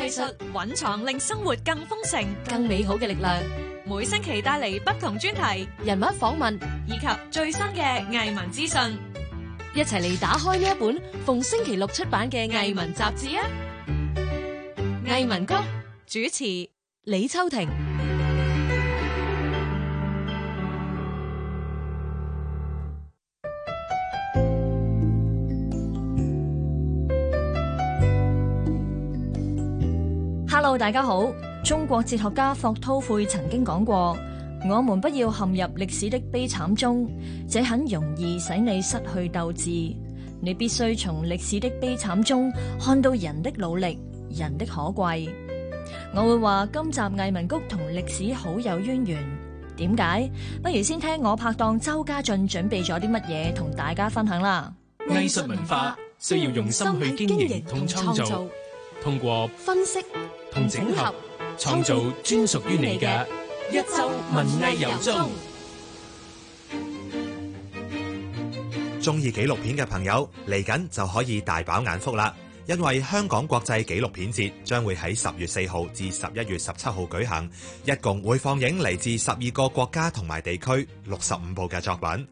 藝術蘊藏令生活更豐盛、更美好嘅力量，每星期帶嚟不同專題、人物訪問以及最新嘅藝文資訊，一齊嚟打開呢一本逢星期六出版嘅藝文雜誌啊！藝文谷主持李秋婷。Hello, 大家好，中國哲學家霍韜晦曾經講過：我們不要陷入歷史的悲慘中，這很容易使你失去鬥志。你必須從歷史的悲慘中看到人的努力，人的可貴。我會話今集藝文谷同歷史好有淵源，點解？不如先聽我拍檔周家俊準備咗啲乜嘢同大家分享啦。藝術文化需要用心去經營同創造，通過分析，同整合，創造專屬於你嘅一週文藝遊中。鍾意紀錄片嘅朋友嚟緊就可以大飽眼福啦！因為香港國際紀錄片節將會喺十月四號至十一月十七號舉行，一共會放映嚟自十二個國家同埋地區六十五部嘅作品。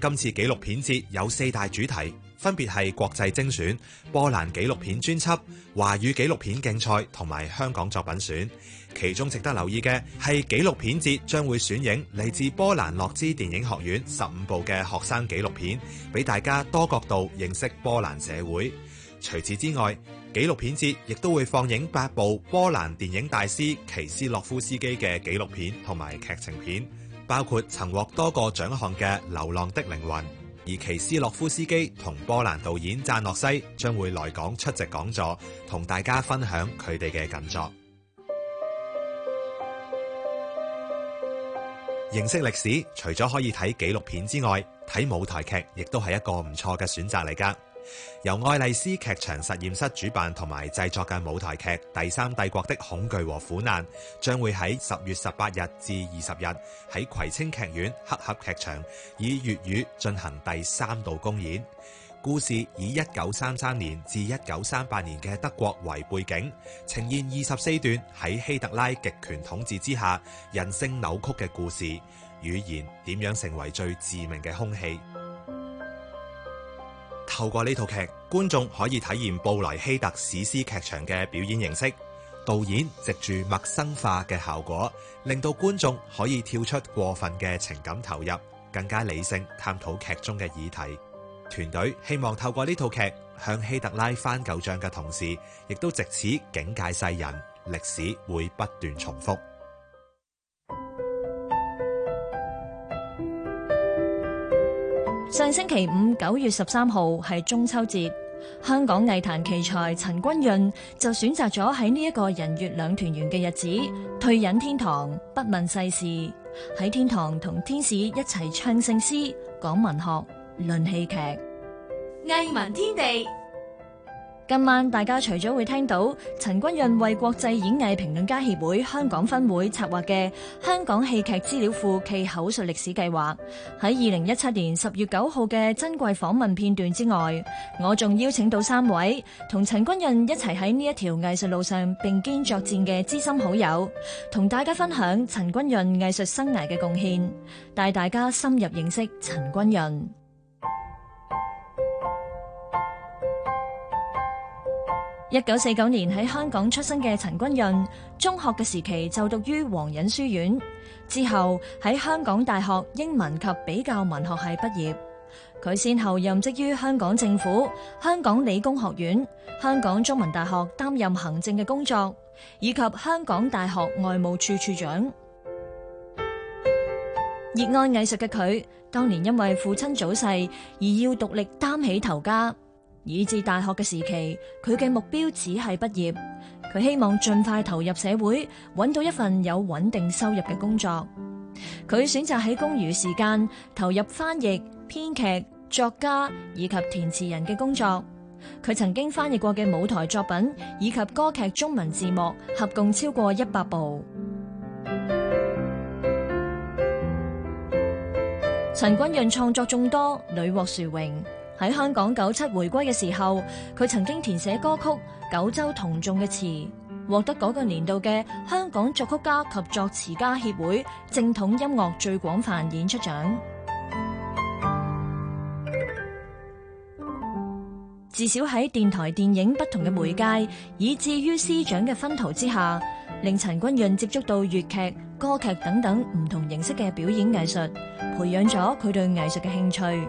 今次紀錄片節有四大主題。分別係國際精選、波蘭紀錄片專輯、華語紀錄片競賽同埋香港作品選。其中值得留意嘅係紀錄片節將會選映嚟自波蘭洛茲電影學院十五部嘅學生紀錄片，俾大家多角度認識波蘭社會。除此之外，紀錄片節亦都會放映八部波蘭電影大師奇斯洛夫斯基嘅紀錄片同埋劇情片，包括曾獲多個獎項嘅《流浪的靈魂》。而奇斯洛夫斯基同波蘭導演贊諾西將會來港出席講座，同大家分享佢哋嘅近作。 認識歷史，除咗可以睇紀錄片之外，睇舞台劇亦都係一個唔錯嘅選擇嚟噶。由愛麗絲劇場實驗室主辦同埋製作嘅舞台劇《第三帝國的恐懼和苦難》將會喺十月十八日至二十日喺葵青劇院黑盒劇場以粵語進行第三度公演。故事以一九三三年至一九三八年嘅德國為背景，呈現二十四段喺希特拉極權統治之下人性扭曲嘅故事，語言點樣成為最致命嘅兇器。透過呢套劇，觀眾可以體驗布萊希特史詩劇場嘅表演形式。導演藉住陌生化嘅效果，令到觀眾可以跳出過分嘅情感投入，更加理性探討劇中嘅議題。團隊希望透過呢套劇向希特拉翻舊賬嘅同時，亦都借此警戒世人：歷史會不斷重複。上星期五九月十三號係中秋節，香港藝壇奇才陳鈞潤就選擇咗喺呢一個人月兩團圓嘅日子退隱天堂，不問世事，喺天堂同天使一齊唱聖詩、講文學、論戲劇，藝文天地。今晚大家除咗會聽到陳鈞潤為國際演藝評論家協會香港分會策劃嘅香港戲劇資料庫暨口述歷史計劃，喺二零一七年十月九號嘅珍貴訪問片段之外，我仲邀請到三位同陳鈞潤一齊喺呢一條藝術路上並肩作戰嘅資深好友，同大家分享陳鈞潤藝，藝術生涯嘅貢獻，帶大家深入認識陳鈞潤。一九四九年喺香港出生嘅陳鈞潤，中學嘅時期就讀於皇仁書院，之後喺香港大學英文及比較文學系畢業。佢先後任職於香港政府、香港理工學院、香港中文大學，擔任行政嘅工作，以及香港大學外務處處長。熱愛藝術嘅佢，當年因為父親早逝而要獨力擔起頭家。以至大學嘅時期，佢嘅目標只係畢業。佢希望盡快投入社會，揾到一份有穩定收入嘅工作。佢選擇喺公餘時間投入翻譯、編劇、作家以及填詞人嘅工作。佢曾經翻譯過嘅舞台作品以及歌劇中文字幕，合共超過一百部。陳鈞潤創作眾多，屢獲殊榮。喺香港九七回歸嘅時候，佢曾經填寫歌曲《九州同眾的》嘅詞，獲得嗰個年度嘅香港作曲家及作詞家協會正統音樂最廣泛演出獎。自小喺電台、電影不同嘅媒介，以至於師長嘅熏陶之下，令陳鈞潤接觸到粵劇、歌劇等等唔同形式嘅表演藝術，培養咗佢對藝術嘅興趣。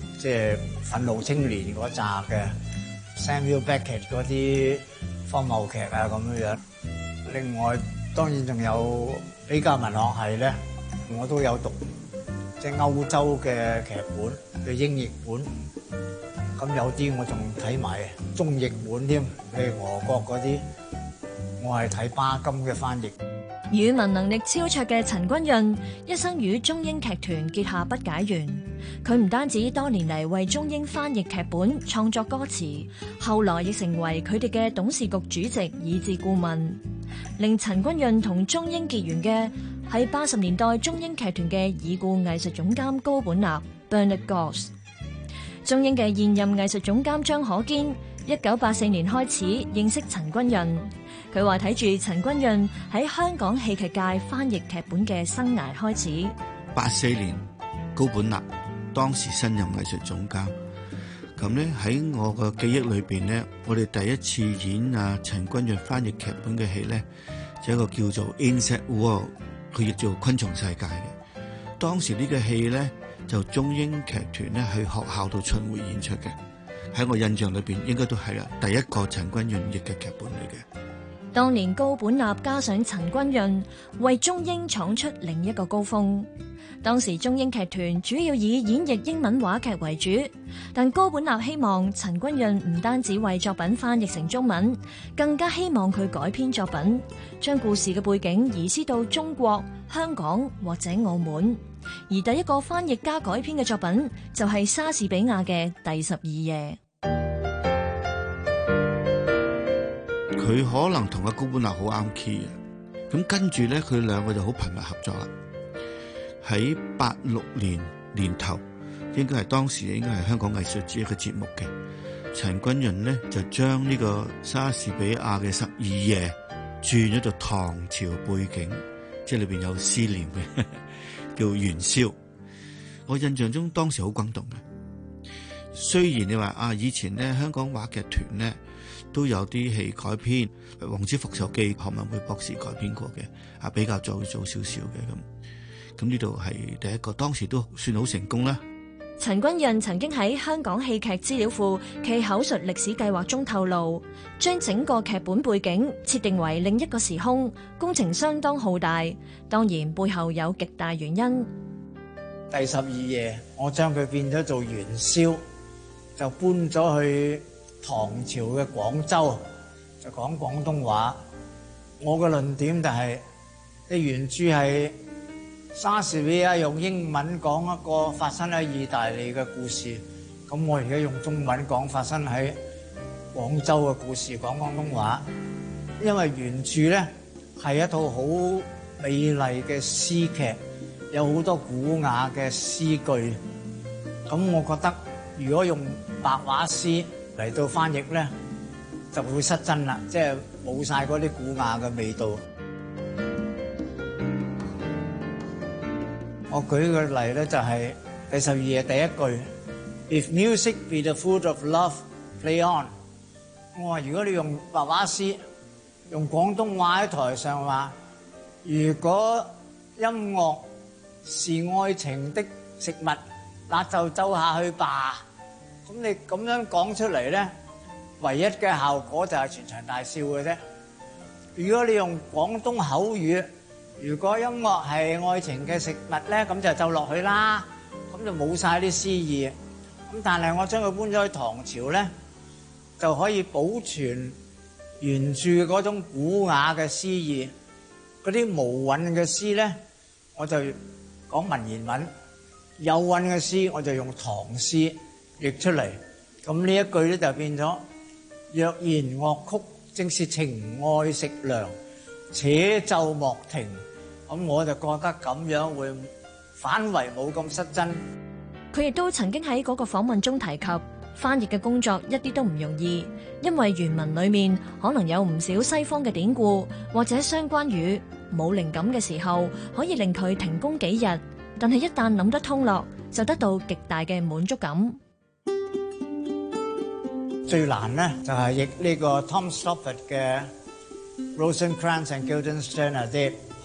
即係憤怒青年嗰集嘅 Samuel Beckett 嗰啲荒謬劇啊，咁樣樣。另外當然仲有比較文學係咧，我都有讀即係歐洲嘅劇本嘅英譯本。咁有啲我仲睇埋中譯本添，譬如俄國嗰啲，我係睇巴金嘅翻譯。語文能力超卓嘅陳鈞潤，一生與中英劇團結下不解緣。佢唔單止多年嚟為中英翻譯劇本、創作歌詞，後來亦成為佢哋嘅董事局主席、以至顧問，令陳君潤同中英結緣嘅係八十年代中英劇團嘅已故藝術總監高本立 b e r n a r d Goss）。中英嘅現任藝術總監張可堅，一九八四年開始認識陳君潤，佢話睇住陳君潤喺香港戲劇界翻譯劇本嘅生涯開始。八四年，高本立當時身任藝術總監，咁咧喺我嘅記憶裏邊咧，我哋第一次演啊陳鈞潤翻譯劇本嘅戲咧，就一個叫做《Insect World》，佢亦做《昆蟲世界》嘅。當時呢個戲咧，就中英劇團咧喺學校度巡迴演出嘅。喺我印象裏邊，應該都係啦，第一個陳鈞潤譯嘅劇本嚟嘅。當年高本納加上陳鈞潤，為中英闖出另一個高峰。當時中英劇團主要以演繹英文話劇為主，但高本納希望陳鈞潤唔單止為作品翻譯成中文，更加希望佢改編作品，將故事嘅背景移師到中國、香港或者澳門。而第一個翻譯加改編嘅作品就係、是、莎士比亞嘅《第十二夜》。佢可能同阿高本納好啱 key 啊，咁跟住咧，佢兩個就好頻密合作啦。喺八六年年頭，應該係當時應該係香港藝術節一個節目嘅，陳鈞潤呢，就將呢個莎士比亞嘅《十二夜》轉咗做唐朝背景，即係裏邊有思念嘅，叫《元宵》。我印象中當時好轟動嘅。雖然你話啊，以前呢，香港話劇團呢都有啲戲改編，《王子復仇記》何文匯博士改編過嘅，啊比較早早少少嘅咁。咁呢度係第一個，當時都算好成功啦。陳鈞潤曾經喺香港戲劇資料庫《暨口述歷史計劃》中透露，將整個劇本背景設定為另一個時空，工程相當浩大，當然背後有極大原因。第十二夜，我將佢變咗做元宵，就搬咗去唐朝嘅廣州，就講廣東話。我嘅論點就係、是，你原著係。莎士比亞用英文講一個發生喺意大利嘅故事，咁我而家用中文講發生喺廣州嘅故事，講廣東話。因為原著咧係一套好美麗嘅詩劇，有好多古雅嘅詩句。咁我覺得如果用白話詩嚟到翻譯咧，就會失真啦，即係冇晒嗰啲古雅嘅味道。我舉個例咧，就係第十二夜第一句 If music be the food of love, play on。我話如果你用白話詩，用廣東話喺台上話，如果音樂是愛情的食物，那就奏下去吧。咁你咁樣講出嚟呢，唯一嘅效果就係全場大笑嘅啫。如果你用廣東口語如果音樂係愛情嘅食物咧，咁就奏落去啦。咁就冇晒啲詩意。咁但係我將佢搬咗去唐朝咧，就可以保存原著嗰種古雅嘅詩意。嗰啲無韻嘅詩咧，我就講文言文；有韻嘅詩，我就用唐詩譯出嚟。咁呢一句咧就變咗：若言樂曲正是情愛食糧，且奏莫停。咁我就覺得咁樣會反為冇咁失真。佢亦都曾經喺嗰個訪問中提及，翻譯嘅工作一啲都唔容易，因為原文裏面可能有唔少西方嘅典故或者相關語，冇靈感嘅時候可以令佢停工幾日，但係一旦諗得通落，就得到極大嘅滿足感。最難呢就係譯呢個 Tom Stoppard 嘅 Rosencrantz and Guildenstern Are Dead。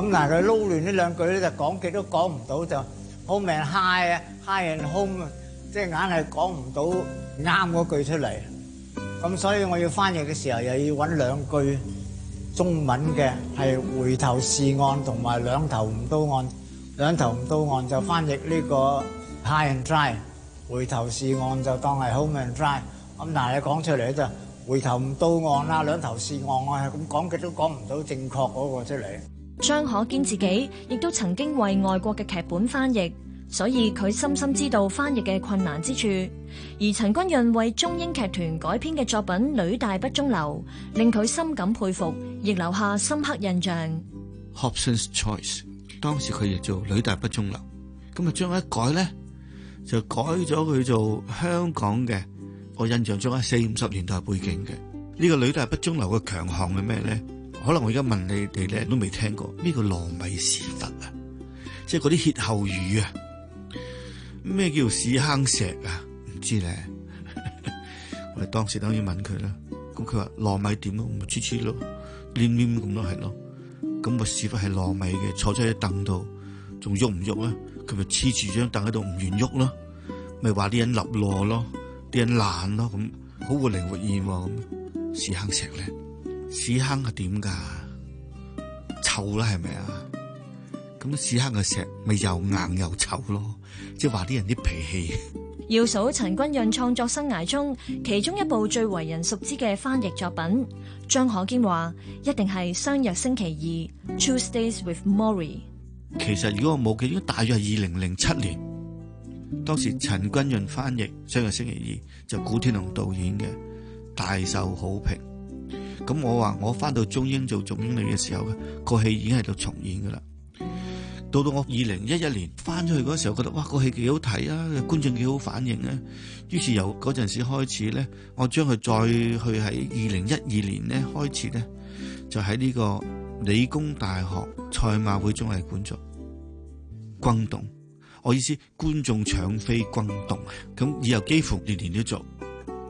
咁但係，佢撈亂呢兩句咧，就講極都講唔到，就 home and high 啊，high and home 啊，即係硬係講唔到啱嗰句出嚟。咁所以我要翻譯嘅時候，又要揾兩句中文嘅係回頭是岸同埋兩頭唔到岸。兩頭唔到岸就翻譯呢個 high and dry，回頭是岸就當係 home and dry。咁但係你講出嚟咧，就回頭唔到岸啦，兩頭是岸啊，我係咁講極都講唔到正確嗰個出嚟。張可堅自己亦都曾經為外國嘅劇本翻譯，所以佢深深知道翻譯嘅困難之處。而陳鈞潤為中英劇團改編嘅作品《女大不中留》，令佢深感佩服，亦留下深刻印象。Hobson's Choice，當時佢亦做《女大不中留》，咁啊將一改咧，就改咗佢做香港嘅。我印象中喺四五十年代背景嘅呢、這個《女大不中留》嘅強項係咩咧？可能我而家問你哋咧，都未聽過咩叫糯米屎忽啊？即係嗰啲歇後語啊？咩叫屎坑石啊？唔知咧。 我哋當時等於問佢啦，咁佢話糯米點咯？咪黐黐咯，黏黏咁咯，係咯。咁個屎忽係糯米嘅，坐咗喺凳度，仲喐唔喐啊？佢咪黐住張凳喺度唔願喐咯，咪話啲人立落咯，啲人懶咯，咁好活靈活現喎，屎坑石咧。屎坑係點噶？臭啦，係咪啊？咁屎坑嘅石咪又硬又臭咯，即係話啲人啲脾氣。要數陳君潤創作生涯中，其中一部最為人熟知嘅翻譯作品，張可堅話一定係《相約星期二》（Tuesdays with m o r r i 其實如果我冇記錯，大約二零零七年，當時陳君潤翻譯《相約星期二》就是、古天龍導演嘅，大受好評。咁我話我翻到中英做總經理嘅時候，個戲已經喺度重演噶啦。到到我二零一一年翻出去嗰時候，我覺得哇個戲幾好睇啊，觀眾幾好反應啊。於是由嗰陣時候開始咧，我將佢再去喺二零一二年咧開始咧，就喺呢個理工大學賽馬會綜藝館做轟動。我意思觀眾搶飛轟動咁，以後幾乎年年都做，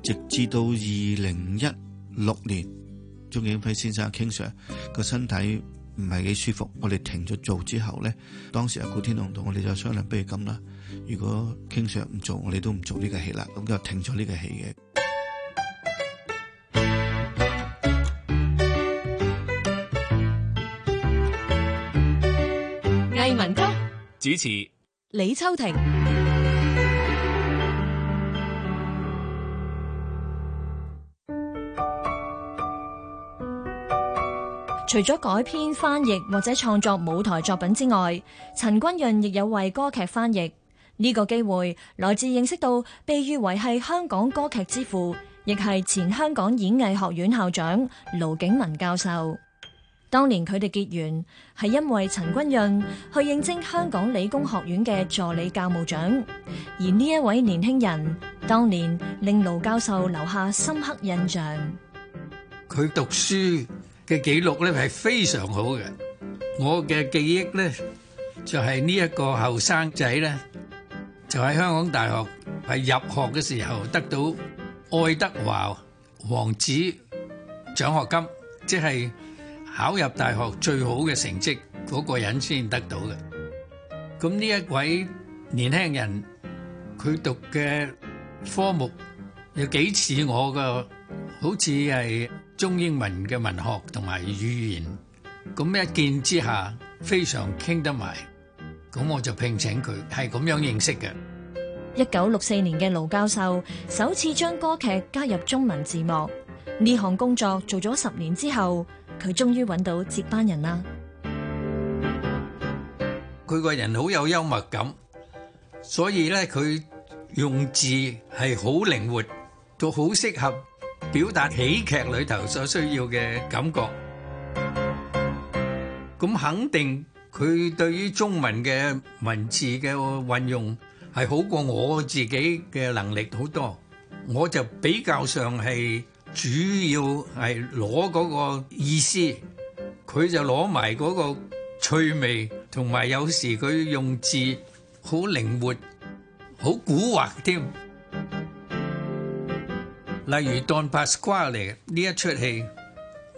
直至到二零一六年。鍾景輝先生 King Sir，個身體唔係幾舒服，我哋停咗做之後咧，當時阿古天農同我哋就商量，不如咁啦，如果 King Sir 唔做，我哋都唔做呢個戲啦，咁就停咗呢個戲嘅。藝文谷主持李秋婷。除咗改編翻譯或者創作舞台作品之外，陳鈞潤亦有為歌劇翻譯。呢個機會來自認識到被譽為係香港歌劇之父，亦係前香港演藝學院校長盧景文教授。當年佢哋結緣係因為陳鈞潤去應徵香港理工學院嘅助理教務長，而呢一位年輕人當年令盧教授留下深刻印象。佢讀書。嘅記錄咧係非常好嘅，我嘅記憶咧就係呢一個後生仔咧，就喺香港大學係入學嘅時候得到愛德華王子獎學金，即係考入大學最好嘅成績嗰個人先得到嘅。咁呢一位年輕人，佢讀嘅科目有幾似我嘅，好似係，中英文嘅文學同埋語言，咁一見之下非常傾得埋，咁我就聘請佢，係咁樣認識嘅。一九六四年嘅盧教授首次將歌劇加入中文字幕，呢項工作做咗十年之後，佢終於揾到接班人啦。佢個人好有幽默感，所以咧佢用字係好靈活，都好適合，表達喜劇裏頭所需要嘅感覺，咁肯定佢對於中文嘅文字嘅運用係好過我自己嘅能力好多。我就比較上係主要係攞嗰個意思，佢就攞埋嗰個趣味，同埋有時佢用字好靈活，好古惑添。例如《唐巴斯瓜嚟》呢一出戲，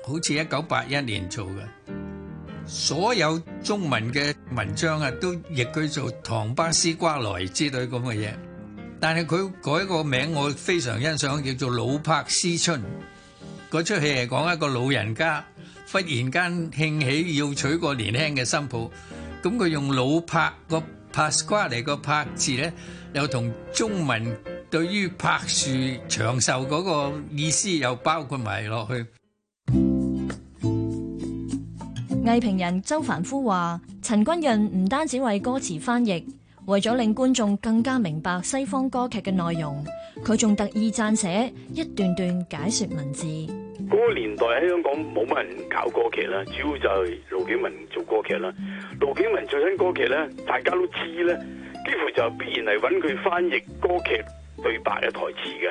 好似一九八一年做嘅，所有中文嘅文章啊，都譯佢做《唐巴斯瓜萊》之類咁嘅嘢。但係佢改個名，我非常欣賞，叫做《老柏思春》。嗰出戲係講一個老人家忽然間興起要娶個年輕嘅新抱，咁佢用老柏個巴斯瓜嚟個柏字咧，又同中文。對於柏樹長壽嗰個意思，又包括埋落去。藝評人周凡夫話，陳鈞潤唔單止為歌詞翻譯，為咗令觀眾更加明白西方歌劇嘅內容，佢仲特意撰寫一段段解說文字。嗰個年代喺香港冇乜人搞歌劇啦，主要就係盧景文做歌劇啦。盧景文最新歌劇咧，大家都知咧，幾乎就必然係揾佢翻譯歌劇。對白嘅台詞嘅，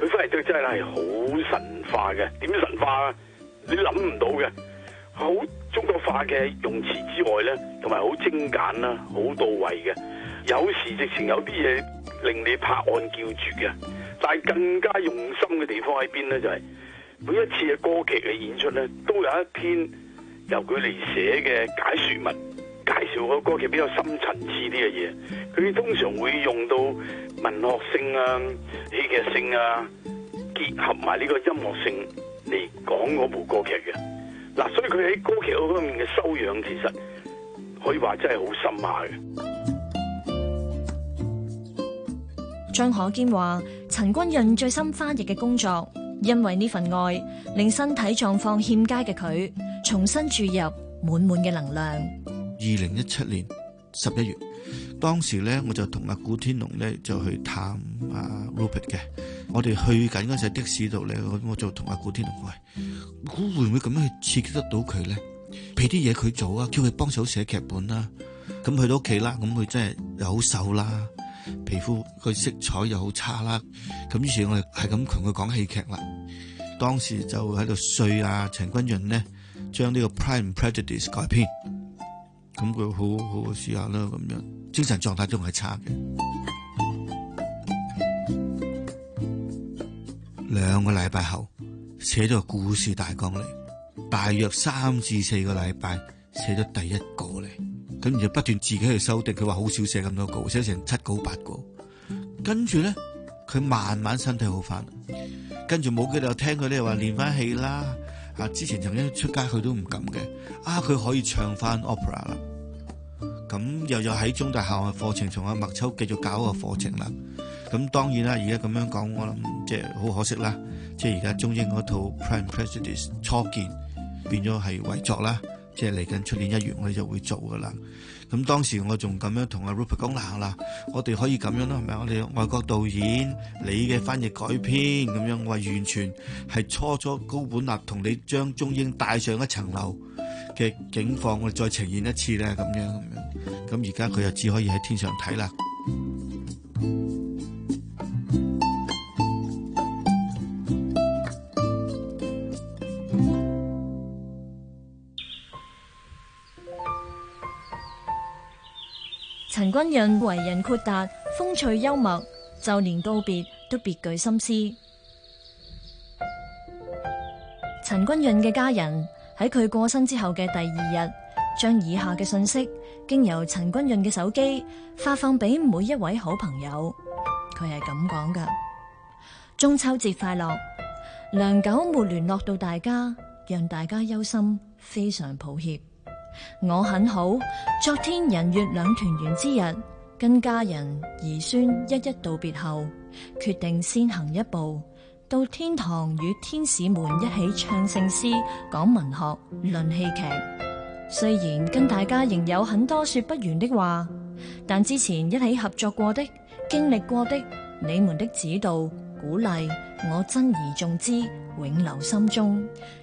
佢翻嚟對真係好神化嘅，點神化啊？你諗唔到嘅，好中國化嘅用詞之外咧，同埋好精簡啦，啊，好到位嘅，有時直情有啲嘢令你拍案叫絕嘅。但係更加用心嘅地方喺邊咧，就係、是、每一次嘅歌劇嘅演出咧，都有一篇由佢嚟寫嘅解說文。介紹個歌劇比較深層次啲嘅嘢，佢通常會用到文學性啊、戲劇性啊，結合埋呢個音樂性嚟講嗰部歌劇嘅嗱。所以佢喺歌劇嗰方面嘅修養，其實可以話真係好深厚。張可堅話：陳鈞潤最新翻譯嘅工作，因為呢份愛，令身體狀況欠佳嘅佢，重新注入滿滿嘅能量。二零一七年十一月，當時咧我就同阿古天農咧就去探阿 Rupert 嘅。我哋去緊嗰陣的士度咧，我我就同阿古天農喂，估會唔會咁樣去刺激得到佢咧？俾啲嘢佢做啊，叫佢幫手寫劇本啦。咁去到屋企啦，咁佢真係又好瘦啦，皮膚佢色彩又好差啦。咁於是，我哋係咁同佢講戲劇啦。當時就喺度睡啊，陳鈞潤咧將呢個《Prime Prejudice》改編。咁佢好好試下啦，咁樣精神狀態仲係差嘅。兩個禮拜後寫咗個故事大綱嚟，大約三至四個禮拜寫咗第一個嚟，咁就不斷自己去修訂。佢話好少寫咁多稿，寫成七稿八稿。跟住咧，佢慢慢身體好翻，跟住冇幾耐聽佢哋話話練翻氣啦。啊！之前曾經出街佢都唔敢嘅，啊，佢可以唱返 Opera 啦，咁又又喺中大校外課程同阿麥秋繼續搞個課程啦，咁當然啦，而家咁樣講我諗即係好可惜啦，即係而家中英嗰套 Prime Prejudice 初見變咗係遺作啦。即係嚟緊出年一月，我哋就會做噶啦。咁當時我仲咁樣同阿 Rupert 講啦，我哋可以咁樣咯，係咪？我哋外國導演，你嘅翻譯改編咁樣，我話完全係初初高本立同你將中英帶上一層樓嘅境況，我哋再呈現一次咧，咁樣咁樣。咁而家佢又只可以喺天上睇啦。陳鈞潤為人豁達，風趣幽默，就連告別都別具心思。陳鈞潤嘅家人喺佢過身之後嘅第二日，將以下嘅信息經由陳鈞潤嘅手機發放俾每一位好朋友。佢係咁講㗎：中秋節快樂，良久沒聯絡到大家，讓大家憂心，非常抱歉。我很好，昨天人月兩團圓之日，跟家人、兒孫一一道別後，決定先行一步，到天堂與天使們一起唱聖詩、講文學、論戲劇。雖然跟大家仍有很多說不完的話，但之前一起合作過的、經歷過的，你們的指導、鼓勵，我珍而重之，永留心中。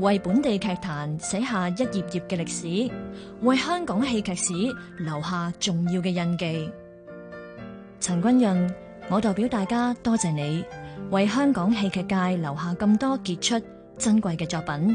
為本地劇壇寫下一頁頁嘅歷史，為香港戲劇史留下重要嘅印記。陳鈞潤，我代表大家多謝謝你，為香港戲劇界留下咁多傑出、珍貴嘅作品。